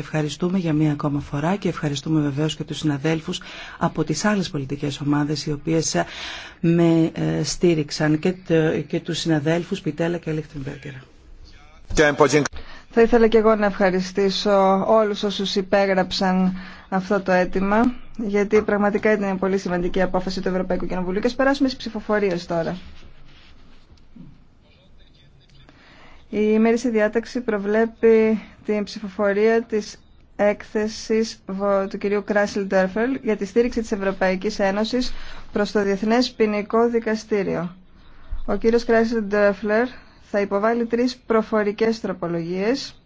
ευχαριστούμε για μία ακόμα φορά και ευχαριστούμε βεβαίως και τους συναδέλφους από τις άλλες πολιτικές ομάδες οι οποίες ε, με ε, στήριξαν και, και τους συναδέλφους Πιτέλα και Λίχτενμπέργκερ. Θα ήθελα και εγώ να ευχαριστήσω όλους όσους υπέγραψαν αυτό το αίτημα γιατί πραγματικά ήταν μια πολύ σημαντική απόφαση του Ευρωπαϊκού Κοινοβουλίου και περάσουμε στις ψηφοφορίες τώρα. Η ημέρηση διάταξη προβλέπει την ψηφοφορία της έκθεσης του κυρίου Κράσιλ Ντέρφελ για τη στήριξη της Ευρωπαϊκής Ένωσης προς το Διεθνές Ποινικό Δικαστήριο. Ο κύριος Κράσιλ Ντέρφλερ θα υποβάλει τρεις προφορικές τροπολογίες.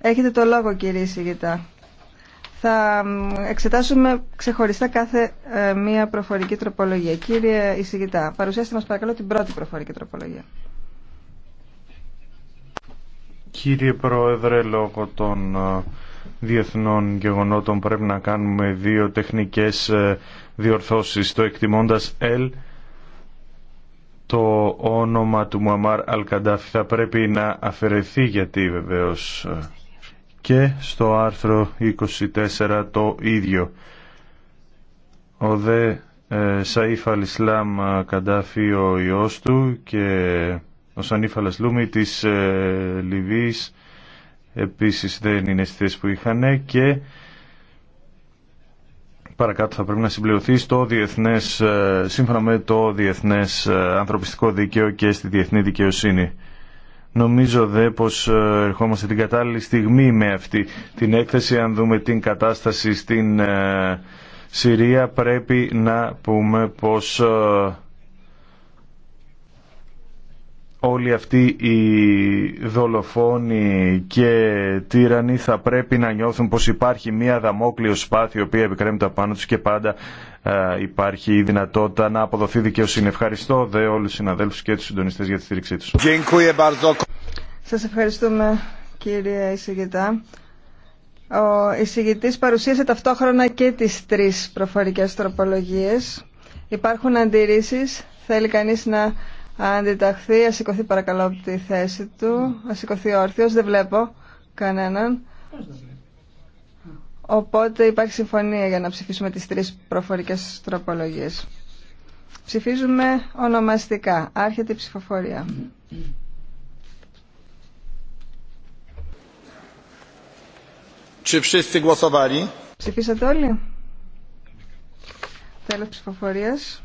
Έχετε το λόγο κύριε Σιγητά. Θα εξετάσουμε ξεχωριστά κάθε ε, μία προφορική τροπολογία. Κύριε Ισηγητά, παρουσιάστε μας παρακαλώ την πρώτη προφορική τροπολογία. Κύριε Πρόεδρε, λόγω των ε, διεθνών γεγονότων πρέπει να κάνουμε δύο τεχνικές ε, διορθώσεις. Το εκτιμώντας L, το όνομα του Μουαμάρ Αλκαντάφη θα πρέπει να αφαιρεθεί γιατί βεβαίως ε, και στο άρθρο 24 το ίδιο. Ο δε Σαΐφ Αλισλάμ Καντάφη ο ιός του και ο Σανίφα Λασλούμι της ε, Λιβύης επίσης δεν είναι στι που είχαν και παρακάτω θα πρέπει να συμπληρωθεί στο διεθνές, ε, σύμφωνα με το διεθνές ε, ανθρωπιστικό δίκαιο και στη διεθνή δικαιοσύνη. Νομίζω δε πως ερχόμαστε την κατάλληλη στιγμή με αυτή την έκθεση. Αν δούμε την κατάσταση στην Συρία πρέπει να πούμε πως όλοι αυτοί οι δολοφόνοι και τύρανοι θα πρέπει να νιώθουν πως υπάρχει μία δαμόκλειο σπάθη η οποία επικρέμεται πάνω τους και πάντα υπάρχει η δυνατότητα να αποδοθεί δικαιοσύνη. Ευχαριστώ δε όλους τους συναδέλφους και τους συντονιστές για τη στήριξή τους. Σας ευχαριστούμε κύριε εισηγητά. Ο εισηγητής παρουσίασε ταυτόχρονα και τις τρεις προφορικές τροπολογίες. Υπάρχουν αντιρρήσεις. Θέλει κανείς να αντιταχθεί, α σηκωθεί παρακαλώ από τη θέση του. Α σηκωθεί όρθιος, δεν βλέπω κανέναν. Οπότε υπάρχει συμφωνία για να ψηφίσουμε τις τρεις προφορικές τροπολογίες. Ψηφίζουμε ονομαστικά. Άρχεται η ψηφοφορία. Ψηφίσατε όλοι. Τέλος ψηφοφορίας.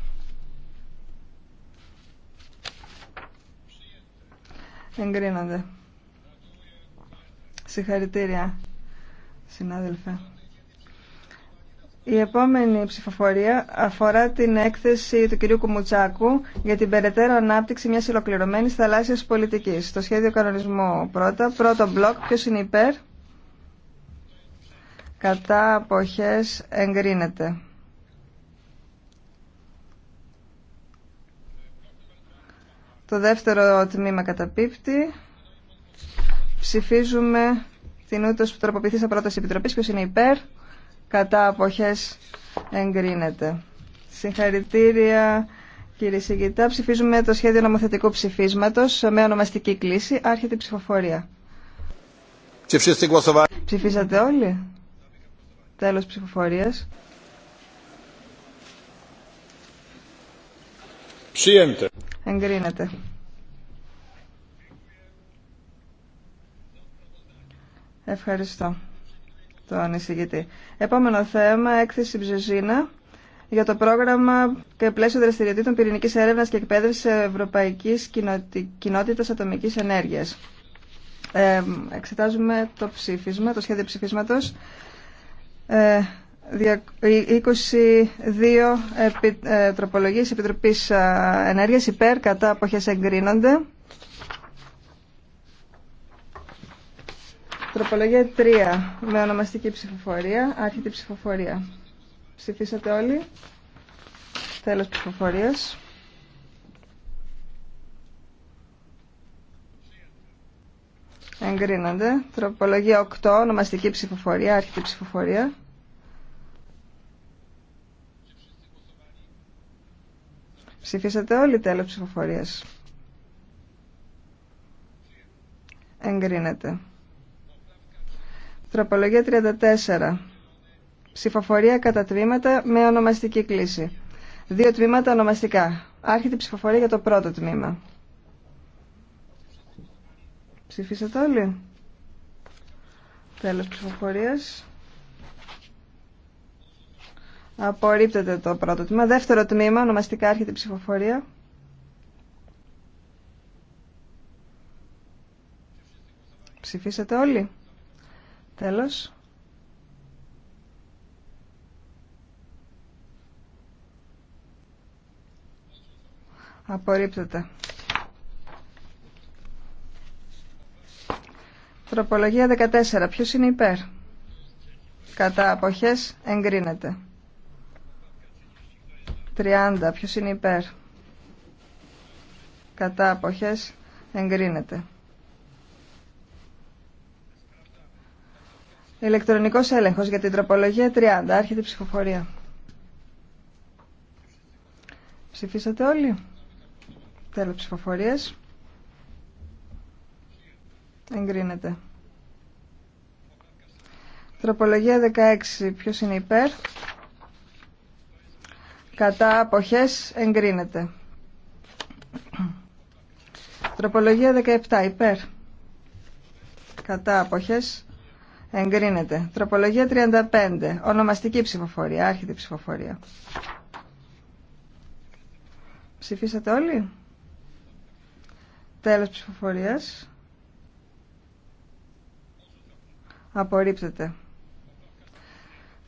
Εγκρίνονται. Συγχαρητήρια, συνάδελφε. Η επόμενη ψηφοφορία αφορά την έκθεση του κυρίου Κουμουτσάκου για την περαιτέρω ανάπτυξη μιας ολοκληρωμένης θαλάσσιας πολιτικής. Το σχέδιο κανονισμού πρώτα. Πρώτο μπλοκ. Ποιος είναι υπέρ. Κατά αποχές εγκρίνεται. Το δεύτερο τμήμα καταπίπτει. Ψηφίζουμε την ούτως που τροποποιηθεί στα πρόταση επιτροπής. Ποιος είναι υπέρ. Κατά αποχές εγκρίνεται. Συγχαρητήρια κύριε Σιγητά. Ψηφίζουμε το σχέδιο νομοθετικού ψηφίσματος με ονομαστική κλίση. Άρχεται η ψηφοφορία. Ψηφίσατε όλοι. Τέλος ψηφοφορίας. Ψήνεται. Εγκρίνεται. Ευχαριστώ τον εισηγητή. Επόμενο θέμα, έκθεση Ψεζίνα για το πρόγραμμα και πλαίσιο δραστηριοτήτων πυρηνικής έρευνας και εκπαίδευσης Ευρωπαϊκής Κοινότητας Ατομικής Ενέργειας. Ε, εξετάζουμε το ψήφισμα, το σχέδιο ψηφίσματος. Ε, 22 επι, ε, τροπολογίες Επιτροπής ε, Ενέργειας υπέρ κατά αποχές εγκρίνονται. Τροπολογία 3 με ονομαστική ψηφοφορία, άρχιτη ψηφοφορία. Ψηφίσατε όλοι. Τέλος ψηφοφορίας. Εγκρίνονται. Τροπολογία 8, ονομαστική ψηφοφορία, άρχιτη ψηφοφορία. Ψηφίσατε όλοι τέλο ψηφοφορία. Εγκρίνεται. Τροπολογία 34. Ψηφοφορία κατά τμήματα με ονομαστική κλίση. Δύο τμήματα ονομαστικά. Άρχεται η ψηφοφορία για το πρώτο τμήμα. Ψηφίσατε όλοι. Τέλος ψηφοφορίας. Απορρίπτεται το πρώτο τμήμα. Δεύτερο τμήμα, ονομαστικά έρχεται η ψηφοφορία. Ψηφίσατε όλοι. Τέλος. Απορρίπτεται. Τροπολογία 14. Ποιος είναι υπέρ. Κατά αποχές εγκρίνεται. 30. Ποιος είναι υπέρ. Κατά αποχές εγκρίνεται. Ηλεκτρονικός έλεγχος για την τροπολογία 30. Άρχεται η ψηφοφορία. Ψηφίσατε όλοι. Τέλος ψηφοφορίας. Εγκρίνεται. Τροπολογία 16. Ποιος είναι υπέρ κατά αποχές εγκρίνεται. Τροπολογία 17 υπέρ κατά αποχές εγκρίνεται. Τροπολογία 35 ονομαστική ψηφοφορία, άρχιτη ψηφοφορία. Ψηφίσατε όλοι. Τέλος ψηφοφορίας. Απορρίπτεται.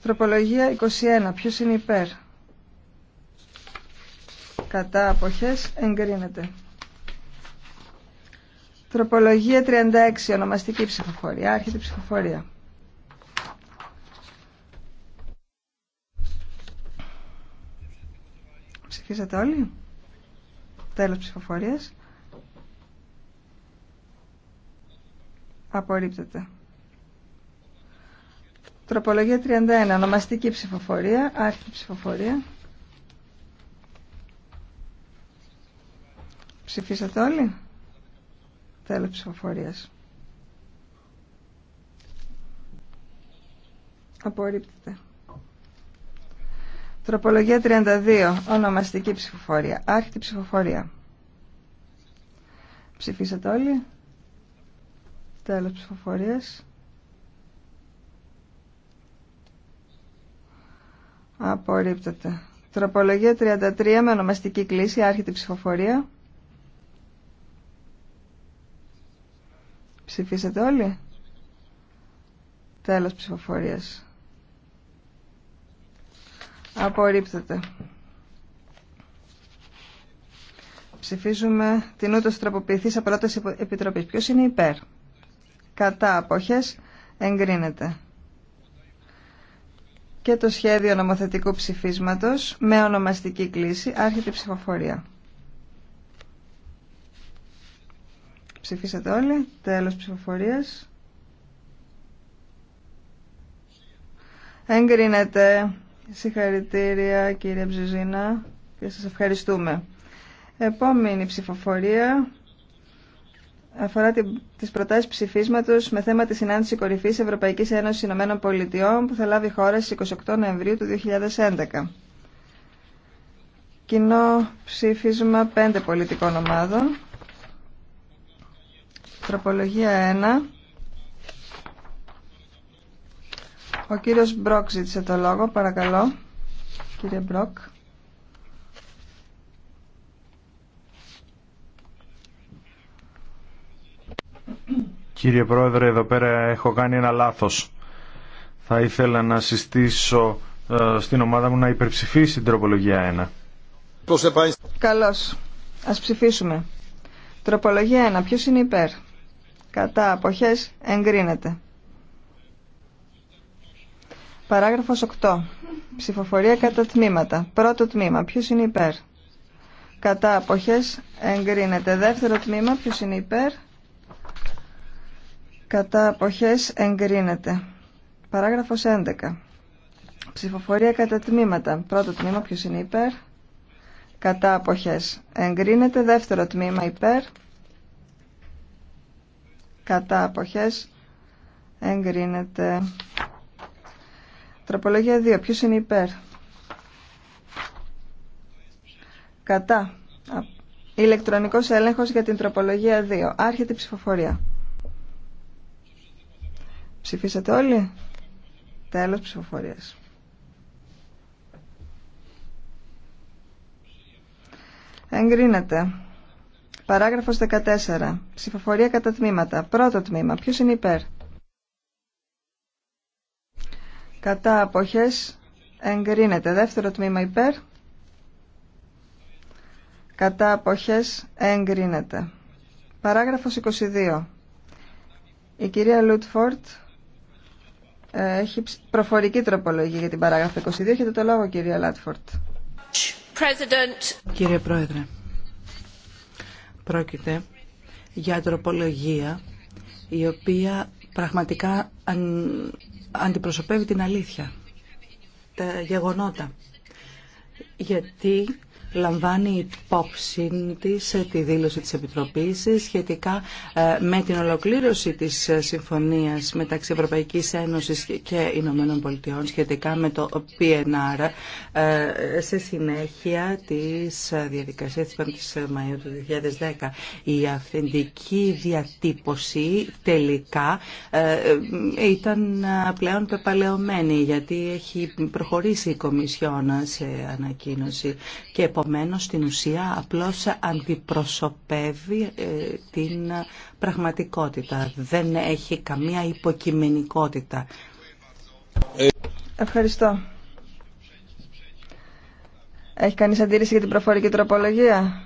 Τροπολογία 21. Ποιος είναι υπέρ κατά αποχές εγκρίνεται. Τροπολογία 36, ονομαστική ψηφοφορία, άρχεται ψηφοφορία. Ψηφίσατε όλοι. Τέλος ψηφοφορίας. Απορρίπτεται. Τροπολογία 31, ονομαστική ψηφοφορία, άρχεται ψηφοφορία. Ψηφίσατε όλοι. Τέλος ψηφοφορίας. Απορρίπτεται. Τροπολογία 32. Ονομαστική ψηφοφορία. Άρχιτη ψηφοφορία. Ψηφίσατε όλοι. Τέλος ψηφοφορίας. Απορρίπτεται. Τροπολογία 33 με ονομαστική κλίση. Άρχιτη ψηφοφορία. Ψηφίσατε όλοι. Τέλος ψηφοφορίας. Απορρίπτεται. Ψηφίζουμε την ούτως τροποποιηθής απρόταση επιτροπής. Ποιος είναι υπέρ. Κατά αποχές εγκρίνεται. Και το σχέδιο νομοθετικού ψηφίσματος με ονομαστική κλίση άρχεται η ψηφοφορία. Ψηφίσατε όλοι. Τέλος ψηφοφορίας. Εγκρίνεται. Συγχαρητήρια κύριε Ψιζίνα και σας ευχαριστούμε. Επόμενη ψηφοφορία αφορά τις προτάσεις ψηφίσματος με θέμα τη συνάντηση κορυφής Ευρωπαϊκής Ένωσης Ηνωμένων Πολιτειών που θα λάβει χώρα στις 28 Νοεμβρίου του 2011. Κοινό ψήφισμα πέντε πολιτικών ομάδων. Τροπολογία 1. Ο κύριος Μπρόκ ζήτησε το λόγο, παρακαλώ. Κύριε Μπρόκ. Κύριε Πρόεδρε, εδώ πέρα έχω κάνει ένα λάθος. Θα ήθελα να συστήσω ε, στην ομάδα μου να υπερψηφίσει την τροπολογία 1. Καλώς. Ας ψηφίσουμε. Τροπολογία 1. Ποιος είναι υπέρ κατά αποχές εγκρίνεται. Παράγραφος 8. Ψηφοφορία κατά τμήματα. Πρώτο τμήμα. Ποιος είναι υπέρ. Κατά αποχές εγκρίνεται. Δεύτερο τμήμα. Ποιος είναι υπέρ. Κατά αποχές εγκρίνεται. Παράγραφος 11. Ψηφοφορία κατά τμήματα. Πρώτο τμήμα. Ποιος είναι υπέρ. Κατά αποχές εγκρίνεται. Δεύτερο τμήμα υπέρ κατά αποχές εγκρίνεται. Τροπολογία 2. Ποιος είναι υπέρ. Κατά. Ηλεκτρονικός έλεγχος για την τροπολογία 2. Άρχεται η ψηφοφορία. Ψηφίσατε όλοι. Τέλος ψηφοφορίας. Εγκρίνεται. Παράγραφος 14. Ψηφοφορία κατά τμήματα. Πρώτο τμήμα. Ποιο είναι υπέρ. Κατά αποχές εγκρίνεται. Δεύτερο τμήμα υπέρ. Κατά αποχές εγκρίνεται. Παράγραφος 22. Η κυρία Λούτφορτ ε, έχει προφορική τροπολογία για την παράγραφο 22. Έχετε το λόγο κυρία Λάτφορτ. Κύριε Πρόεδρε. Πρόκειται για τροπολογία η οποία πραγματικά αντιπροσωπεύει την αλήθεια, τα γεγονότα. Γιατί λαμβάνει υπόψη τη ε, τη δήλωση της Επιτροπής ε, σχετικά ε, με την ολοκλήρωση της συμφωνίας μεταξύ Ευρωπαϊκής Ένωσης και Ηνωμένων Πολιτειών σχετικά με το PNR σε συνέχεια της διαδικασίας της 5 Μαΐου του 2010. Η αυθεντική διατύπωση τελικά ήταν πλέον πεπαλαιωμένη γιατί έχει προχωρήσει η Κομισιόν σε ανακοίνωση και επομένως στην ουσία απλώς αντιπροσωπεύει ε, την πραγματικότητα. Δεν έχει καμία υποκειμενικότητα. Ευχαριστώ. Έχει κανείς αντίρρηση για την προφορική τροπολογία?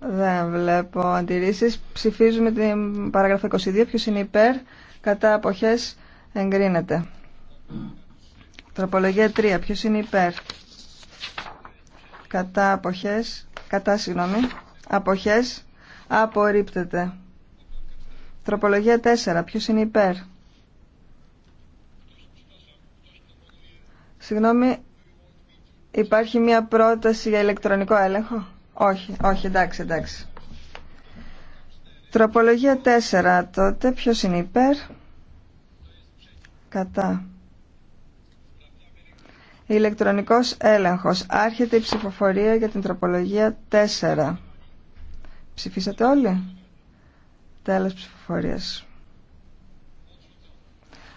Δεν βλέπω αντιρρήσεις. Ψηφίζουμε την παράγραφο 22. Ποιος είναι υπέρ, κατά αποχές εγκρίνεται. Τροπολογία 3. Ποιος είναι υπέρ, κατά αποχές, κατά συγγνώμη, αποχές, απορρίπτεται. Τροπολογία 4. Ποιος είναι υπέρ. Συγγνώμη, υπάρχει μια πρόταση για ηλεκτρονικό έλεγχο. Όχι, όχι, εντάξει, εντάξει. Τροπολογία 4. Τότε ποιος είναι υπέρ. Κατά. Ηλεκτρονικός έλεγχος. Άρχεται η ψηφοφορία για την τροπολογία 4. Ψηφίσατε όλοι. Τέλος ψηφοφορίας.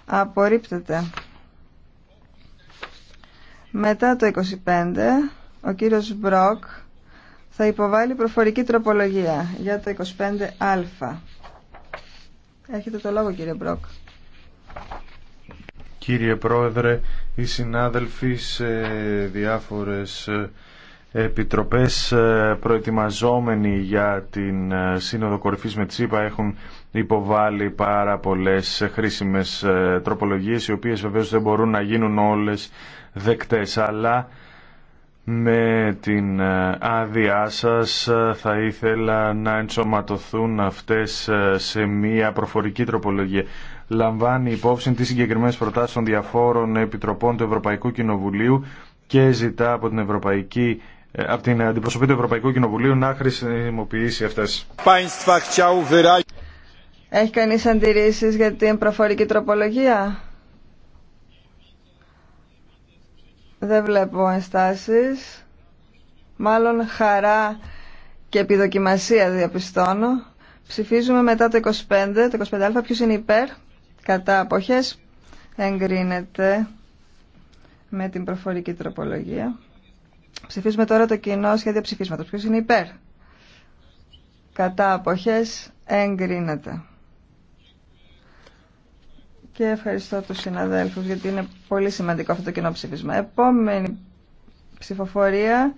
Απορρίπτεται. Μετά το 25, ο κύριος Μπροκ θα υποβάλει προφορική τροπολογία για το 25α. Έχετε το λόγο κύριε Μπροκ. Κύριε Πρόεδρε, οι συνάδελφοι σε διάφορες επιτροπές ε, προετοιμαζόμενοι για την ε, Σύνοδο Κορυφής με Τσίπα έχουν υποβάλει πάρα πολλές χρήσιμες ε, τροπολογίες οι οποίες βεβαίως δεν μπορούν να γίνουν όλες δεκτές αλλά με την άδειά σας θα ήθελα να ενσωματωθούν αυτές σε μία προφορική τροπολογία λαμβάνει υπόψη τις συγκεκριμένες προτάσεις των διαφόρων επιτροπών του Ευρωπαϊκού Κοινοβουλίου και ζητά από την Ευρωπαϊκή ε, από την αντιπροσωπή του Ευρωπαϊκού Κοινοβουλίου να χρησιμοποιήσει αυτές. Έχει κανείς αντιρρήσεις για την προφορική τροπολογία? Δεν βλέπω ενστάσεις. Μάλλον χαρά και επιδοκιμασία διαπιστώνω. Ψηφίζουμε μετά το 25, το 25α. Ποιος είναι υπέρ? κατά αποχές εγκρίνεται με την προφορική τροπολογία. Ψηφίζουμε τώρα το κοινό σχέδιο ψηφίσματος. Ποιος είναι υπέρ. Κατά αποχές εγκρίνεται. Και ευχαριστώ τους συναδέλφους γιατί είναι πολύ σημαντικό αυτό το κοινό ψηφίσμα. Επόμενη ψηφοφορία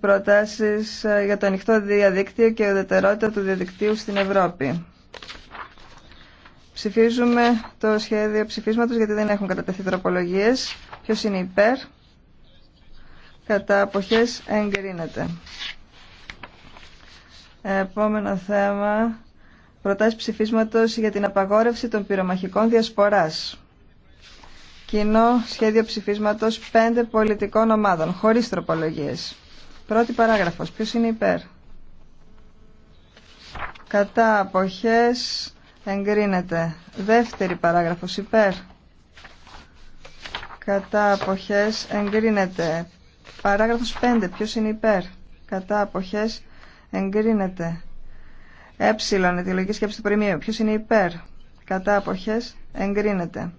προτάσεις ε, για το ανοιχτό διαδίκτυο και ουδετερότητα του διαδικτύου στην Ευρώπη. Ψηφίζουμε το σχέδιο ψηφίσματος γιατί δεν έχουν κατατεθεί τροπολογίες. Ποιος είναι υπέρ. Κατά αποχές εγκρίνεται. Επόμενο θέμα. Προτάσεις ψηφίσματος για την απαγόρευση των πυρομαχικών διασποράς. Κοινό σχέδιο ψηφίσματος πέντε πολιτικών ομάδων, χωρίς τροπολογίες. Πρώτη παράγραφος. Ποιος είναι υπέρ. Κατά αποχές εγκρίνεται. Δεύτερη παράγραφος υπέρ. Κατά αποχές εγκρίνεται. Παράγραφος 5. Ποιος είναι υπέρ. Κατά αποχές εγκρίνεται. Ε. Αιτιολογική σκέψη του προημίου. Ποιος είναι υπέρ. Κατά αποχές εγκρίνεται.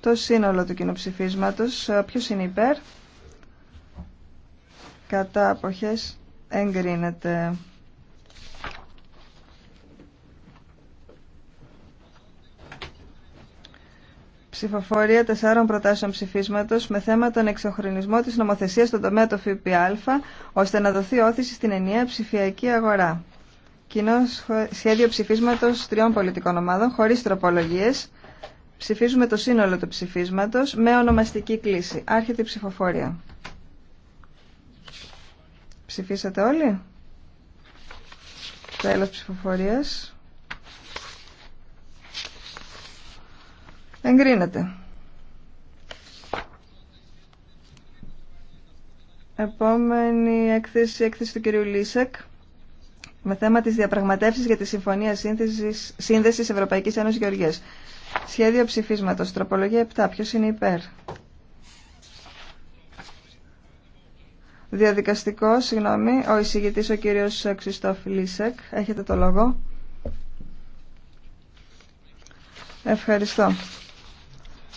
Το σύνολο του κοινοψηφίσματος. Ποιος είναι υπέρ. Κατά αποχές εγκρίνεται. ψηφοφορία τεσσάρων προτάσεων ψηφίσματο με θέμα τον εξοχρονισμό τη νομοθεσία στον τομέα του ΦΠΑ, ώστε να δοθεί όθηση στην ενιαία ψηφιακή αγορά. Κοινό σχέδιο ψηφίσματο τριών πολιτικών ομάδων, χωρί τροπολογίε. Ψηφίζουμε το σύνολο του ψηφίσματο με ονομαστική κλίση. Άρχεται η ψηφοφορία. Ψηφίσατε όλοι. Τέλο ψηφοφορία. Εγκρίνεται. Επόμενη έκθεση, έκθεση του κυρίου Λίσεκ με θέμα της διαπραγματεύσεις για τη Συμφωνία Σύνθεσης, Σύνδεσης Ευρωπαϊκής Ένωσης Γεωργίας. Σχέδιο ψηφίσματος. Τροπολογία 7. Ποιος είναι υπέρ. Διαδικαστικό, συγγνώμη, ο εισηγητής ο κύριος Ξιστόφ Λίσεκ. Έχετε το λόγο. Ευχαριστώ.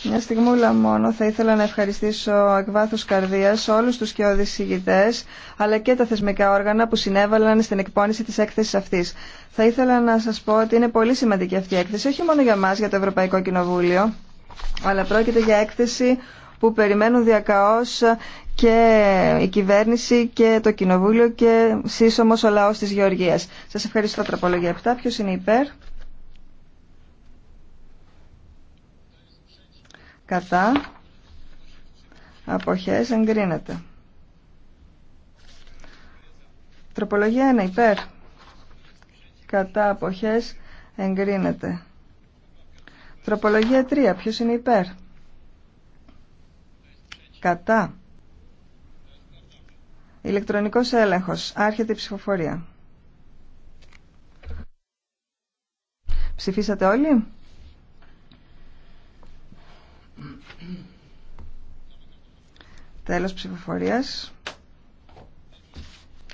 Μια στιγμούλα μόνο θα ήθελα να ευχαριστήσω εκ βάθους καρδίας όλους τους και ηγητές, αλλά και τα θεσμικά όργανα που συνέβαλαν στην εκπόνηση τη έκθεση αυτή. Θα ήθελα να σα πω ότι είναι πολύ σημαντική αυτή η έκθεση, όχι μόνο για μας, για το Ευρωπαϊκό Κοινοβούλιο, αλλά πρόκειται για έκθεση που περιμένουν διακαώς και η κυβέρνηση και το Κοινοβούλιο και σύσσωμο ο λαός της Γεωργία. Σας ευχαριστώ τραπολογία 7. είναι υπέρ? κατά αποχές εγκρίνεται. Τροπολογία 1 υπέρ κατά αποχές εγκρίνεται. Τροπολογία 3 ποιος είναι υπέρ κατά ηλεκτρονικός έλεγχος άρχεται η ψηφοφορία. Ψηφίσατε όλοι. Τέλος ψηφοφορίας.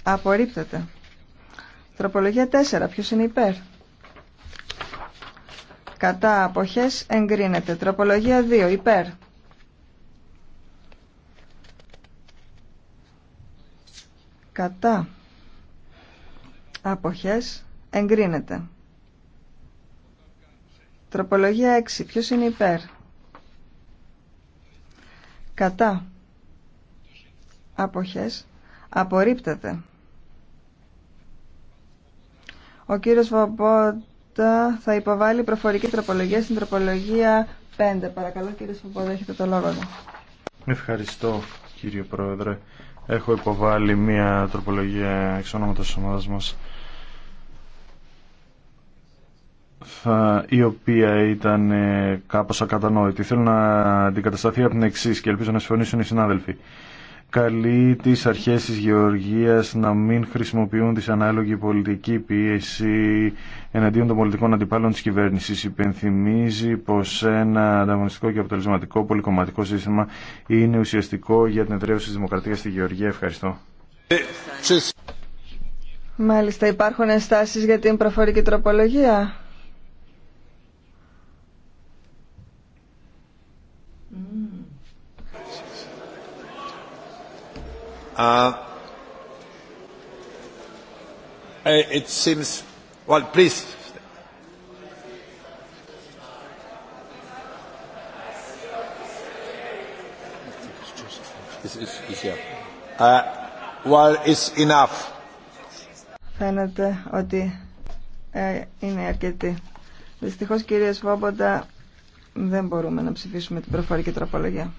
Απορρίπτεται. Τροπολογία 4. Ποιος είναι υπέρ. Κατά αποχές εγκρίνεται. Τροπολογία 2. Υπέρ. Κατά αποχές εγκρίνεται. Τροπολογία 6. Ποιος είναι υπέρ. Κατά αποχές απορρίπτεται. Ο κύριος Βομπότα θα υποβάλει προφορική τροπολογία στην τροπολογία 5. Παρακαλώ κύριε Βομπότα, έχετε το λόγο Ευχαριστώ κύριε Πρόεδρε. Έχω υποβάλει μια τροπολογία εξ ονόματος της ομάδας μας θα, η οποία ήταν ε, κάπως ακατανόητη. Θέλω να αντικατασταθεί από την εξή και ελπίζω να συμφωνήσουν οι συνάδελφοι καλεί τις αρχές της Γεωργίας να μην χρησιμοποιούν ανάλογη πολιτική πίεση εναντίον των πολιτικών αντιπάλων της κυβέρνησης. Υπενθυμίζει πως ένα ανταγωνιστικό και αποτελεσματικό πολυκομματικό σύστημα είναι ουσιαστικό για την εδραίωση της δημοκρατίας στη Γεωργία. Ευχαριστώ. Μάλιστα υπάρχουν ενστάσεις για την προφορική τροπολογία. Φαίνεται ότι ε, είναι αρκετή. Δυστυχώς, κύριε Σβόμποντα, δεν μπορούμε να ψηφίσουμε την προφορική τροπολογία.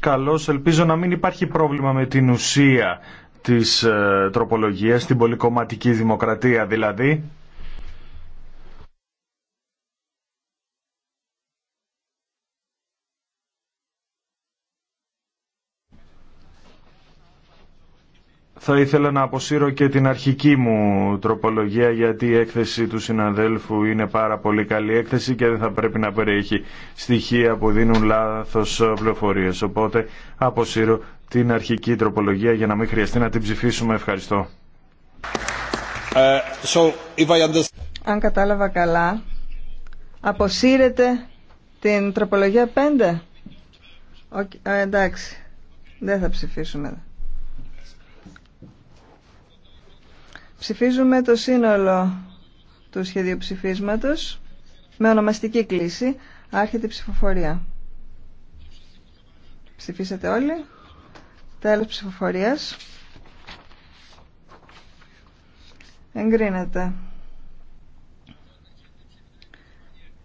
Καλώς. Ελπίζω να μην υπάρχει πρόβλημα με την ουσία της ε, τροπολογίας, την πολυκομματική δημοκρατία δηλαδή θα ήθελα να αποσύρω και την αρχική μου τροπολογία γιατί η έκθεση του συναδέλφου είναι πάρα πολύ καλή έκθεση και δεν θα πρέπει να περιέχει στοιχεία που δίνουν λάθος πληροφορίες. Οπότε αποσύρω την αρχική τροπολογία για να μην χρειαστεί να την ψηφίσουμε. Ευχαριστώ. Ε, so, Αν κατάλαβα καλά, αποσύρετε την τροπολογία 5. Ε, εντάξει, δεν θα ψηφίσουμε Ψηφίζουμε το σύνολο του σχεδίου ψηφίσματος με ονομαστική κλίση. Άρχεται η ψηφοφορία. Ψηφίσατε όλοι. Τέλος ψηφοφορίας. Εγκρίνεται.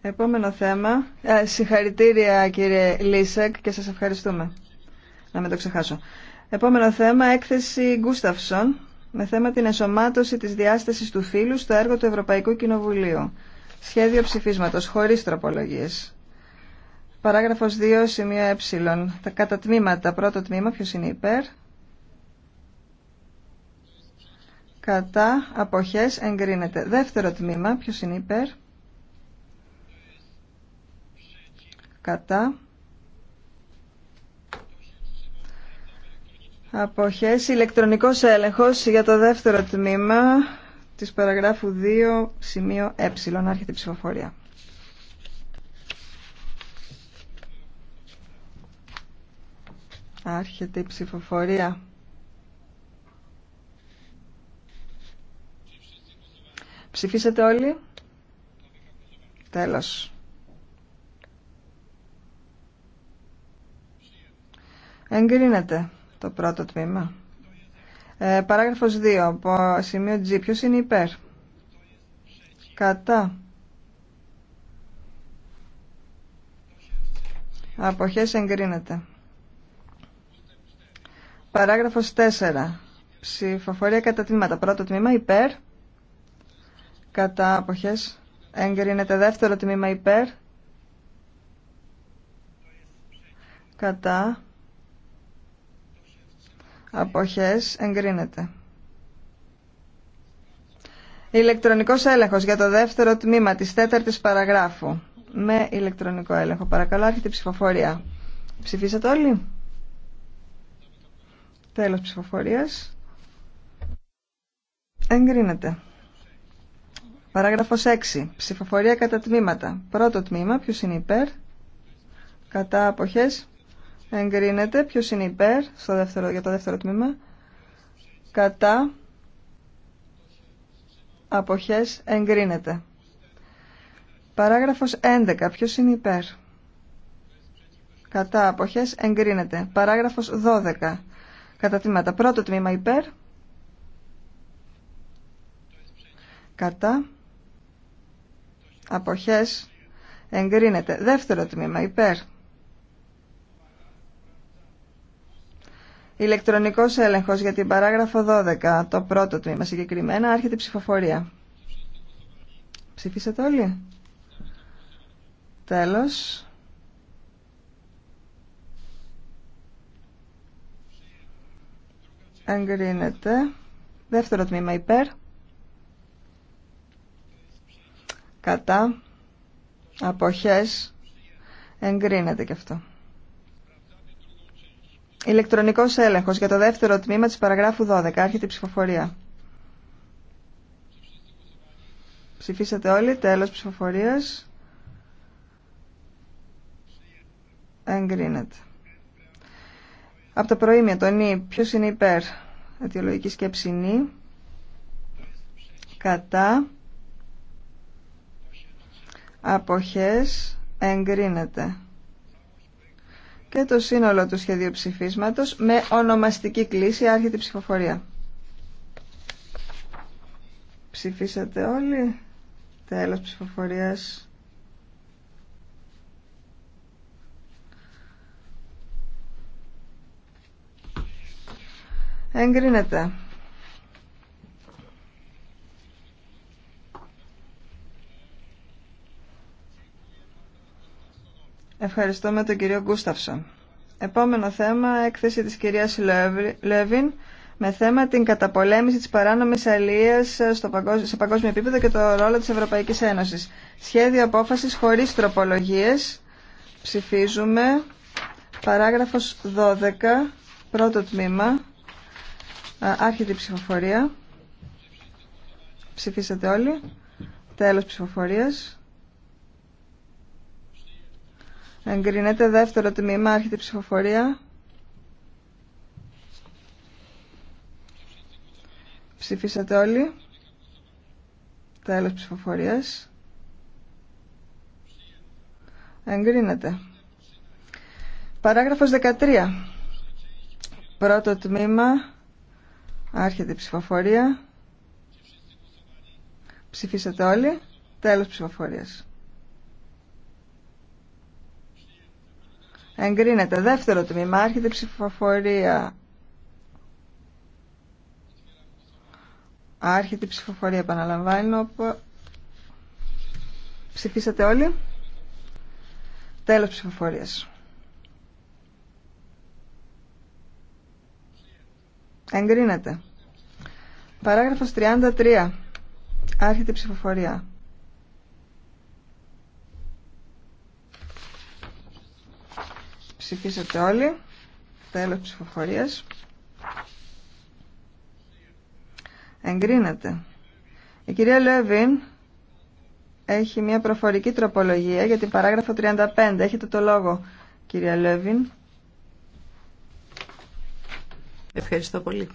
Επόμενο θέμα. Ε, συγχαρητήρια κύριε Λίσεκ και σας ευχαριστούμε. Να μην το ξεχάσω. Επόμενο θέμα, έκθεση Γκούσταυσον με θέμα την εσωμάτωση της διάστασης του φύλου στο έργο του Ευρωπαϊκού Κοινοβουλίου. Σχέδιο ψηφίσματος χωρίς τροπολογίες. Παράγραφος 2, σημείο ε. Τα κατά τμήματα. Πρώτο τμήμα, ποιος είναι υπέρ. Κατά αποχές εγκρίνεται. Δεύτερο τμήμα, ποιος είναι υπέρ. Κατά Αποχές. Ηλεκτρονικός έλεγχος για το δεύτερο τμήμα της παραγράφου 2 σημείο ε. Άρχεται η ψηφοφορία. Άρχεται η ψηφοφορία. Ψηφίσατε όλοι. Τέλος. Εγκρίνεται το πρώτο τμήμα. Ε, παράγραφος 2 από σημείο G. Ποιος είναι υπέρ. Κατά. Αποχές εγκρίνεται. Παράγραφος 4. Ψηφοφορία κατά τμήματα. Πρώτο τμήμα υπέρ. Κατά αποχές εγκρίνεται. Δεύτερο τμήμα υπέρ. Κατά αποχές εγκρίνεται. Ηλεκτρονικός έλεγχος για το δεύτερο τμήμα της τέταρτης παραγράφου. Με ηλεκτρονικό έλεγχο. Παρακαλώ, άρχεται η ψηφοφορία. Ψηφίσατε όλοι. Τέλος ψηφοφορίας. Εγκρίνεται. Παράγραφος 6. Ψηφοφορία κατά τμήματα. Πρώτο τμήμα. Ποιος είναι υπέρ. Κατά αποχές εγκρίνεται. ποιο είναι υπέρ στο δεύτερο, για το δεύτερο τμήμα. Κατά αποχές εγκρίνεται. Παράγραφος 11. Ποιος είναι υπέρ. Κατά αποχές εγκρίνεται. Παράγραφος 12. Κατά τμήματα. Πρώτο τμήμα υπέρ. Κατά αποχές εγκρίνεται. Δεύτερο τμήμα υπέρ. Ηλεκτρονικός έλεγχος για την παράγραφο 12, το πρώτο τμήμα συγκεκριμένα, άρχεται η ψηφοφορία. Ψηφίσατε όλοι. Τέλο. Εγκρίνεται. Δεύτερο τμήμα υπέρ. Κατά. Αποχές. Εγκρίνεται και αυτό. Ηλεκτρονικός έλεγχος για το δεύτερο τμήμα της παραγράφου 12. Άρχεται η ψηφοφορία. Ψηφίσατε όλοι. Τέλος ψηφοφορίας. Εγκρίνεται. Από το προήμιο, το νη. Ποιος είναι υπέρ. Αιτιολογική σκέψη νη. Κατά. Αποχές. Εγκρίνεται και το σύνολο του σχεδίου ψηφίσματος με ονομαστική κλίση άρχεται ψηφοφορία. Ψηφίσατε όλοι. Τέλος ψηφοφορίας. Εγκρίνεται. Ευχαριστούμε τον κύριο Γκούσταυσο. Επόμενο θέμα, έκθεση της κυρίας Λεύιν με θέμα την καταπολέμηση της παράνομης αλίας στο παγκόσμιο, σε παγκόσμιο επίπεδο και το ρόλο της Ευρωπαϊκής Ένωσης. Σχέδιο απόφασης χωρίς τροπολογίες. Ψηφίζουμε. Παράγραφος 12, πρώτο τμήμα. Άρχεται ψηφοφορία. Ψηφίσατε όλοι. Τέλος ψηφοφορίας. Εγκρίνεται δεύτερο τμήμα, άρχεται η ψηφοφορία. Ψηφίσατε όλοι. Τέλος ψηφοφορίας. Εγκρίνεται. Παράγραφος 13. Πρώτο τμήμα, άρχεται η ψηφοφορία. Ψηφίσατε όλοι. Τέλος ψηφοφορίας. Εγκρίνεται. Δεύτερο τμήμα. Άρχεται ψηφοφορία. Άρχεται ψηφοφορία. Επαναλαμβάνω. Ψηφίσατε όλοι. Τέλος ψηφοφορίας. Εγκρίνεται. Παράγραφος 33. Άρχεται ψηφοφορία. Ψηφίσατε όλοι. Τέλος ψηφοφορίας. Εγκρίνεται. Η κυρία Λεύιν έχει μια προφορική τροπολογία για την παράγραφο 35. Έχετε το λόγο, κυρία Λεύιν. Ευχαριστώ πολύ.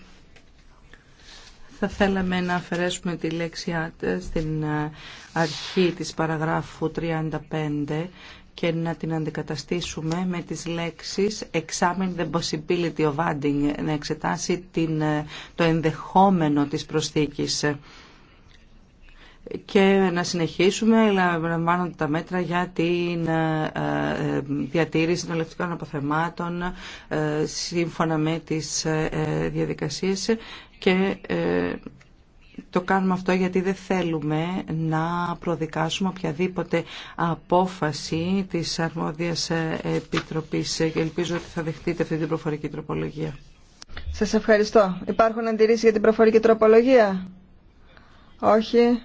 Θα θέλαμε να αφαιρέσουμε τη λέξη στην ε, αρχή της παραγράφου 35 και να την αντικαταστήσουμε με τις λέξεις examine the possibility of adding, να εξετάσει την, ε, το ενδεχόμενο της προσθήκης και να συνεχίσουμε λαμβάνοντα τα μέτρα για την ε, ε, διατήρηση των ελευθερικών αποθεμάτων ε, σύμφωνα με τις διαδικασίες και το κάνουμε αυτό γιατί δεν θέλουμε να προδικάσουμε οποιαδήποτε απόφαση της αρμόδιας επιτροπής και ελπίζω ότι θα δεχτείτε αυτή την προφορική τροπολογία. Σας ευχαριστώ. Υπάρχουν αντιρρήσεις για την προφορική τροπολογία? Όχι.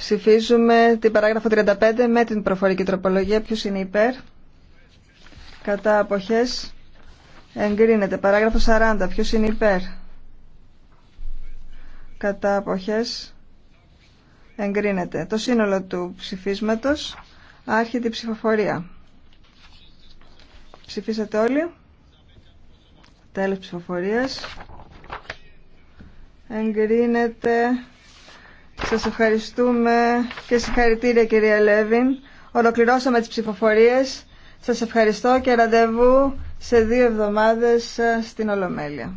Ψηφίζουμε την παράγραφο 35 με την προφορική τροπολογία. Ποιο είναι υπέρ. Κατά αποχές εγκρίνεται. Παράγραφο 40. Ποιο είναι υπέρ. Κατά αποχές εγκρίνεται. Το σύνολο του ψηφίσματος άρχεται η ψηφοφορία. Ψηφίσατε όλοι. Τέλος ψηφοφορίας. Εγκρίνεται σας ευχαριστούμε και συγχαρητήρια κυρία Λέβιν. Ολοκληρώσαμε τις ψηφοφορίες. Σας ευχαριστώ και ραντεβού σε δύο εβδομάδες ε, στην Ολομέλεια.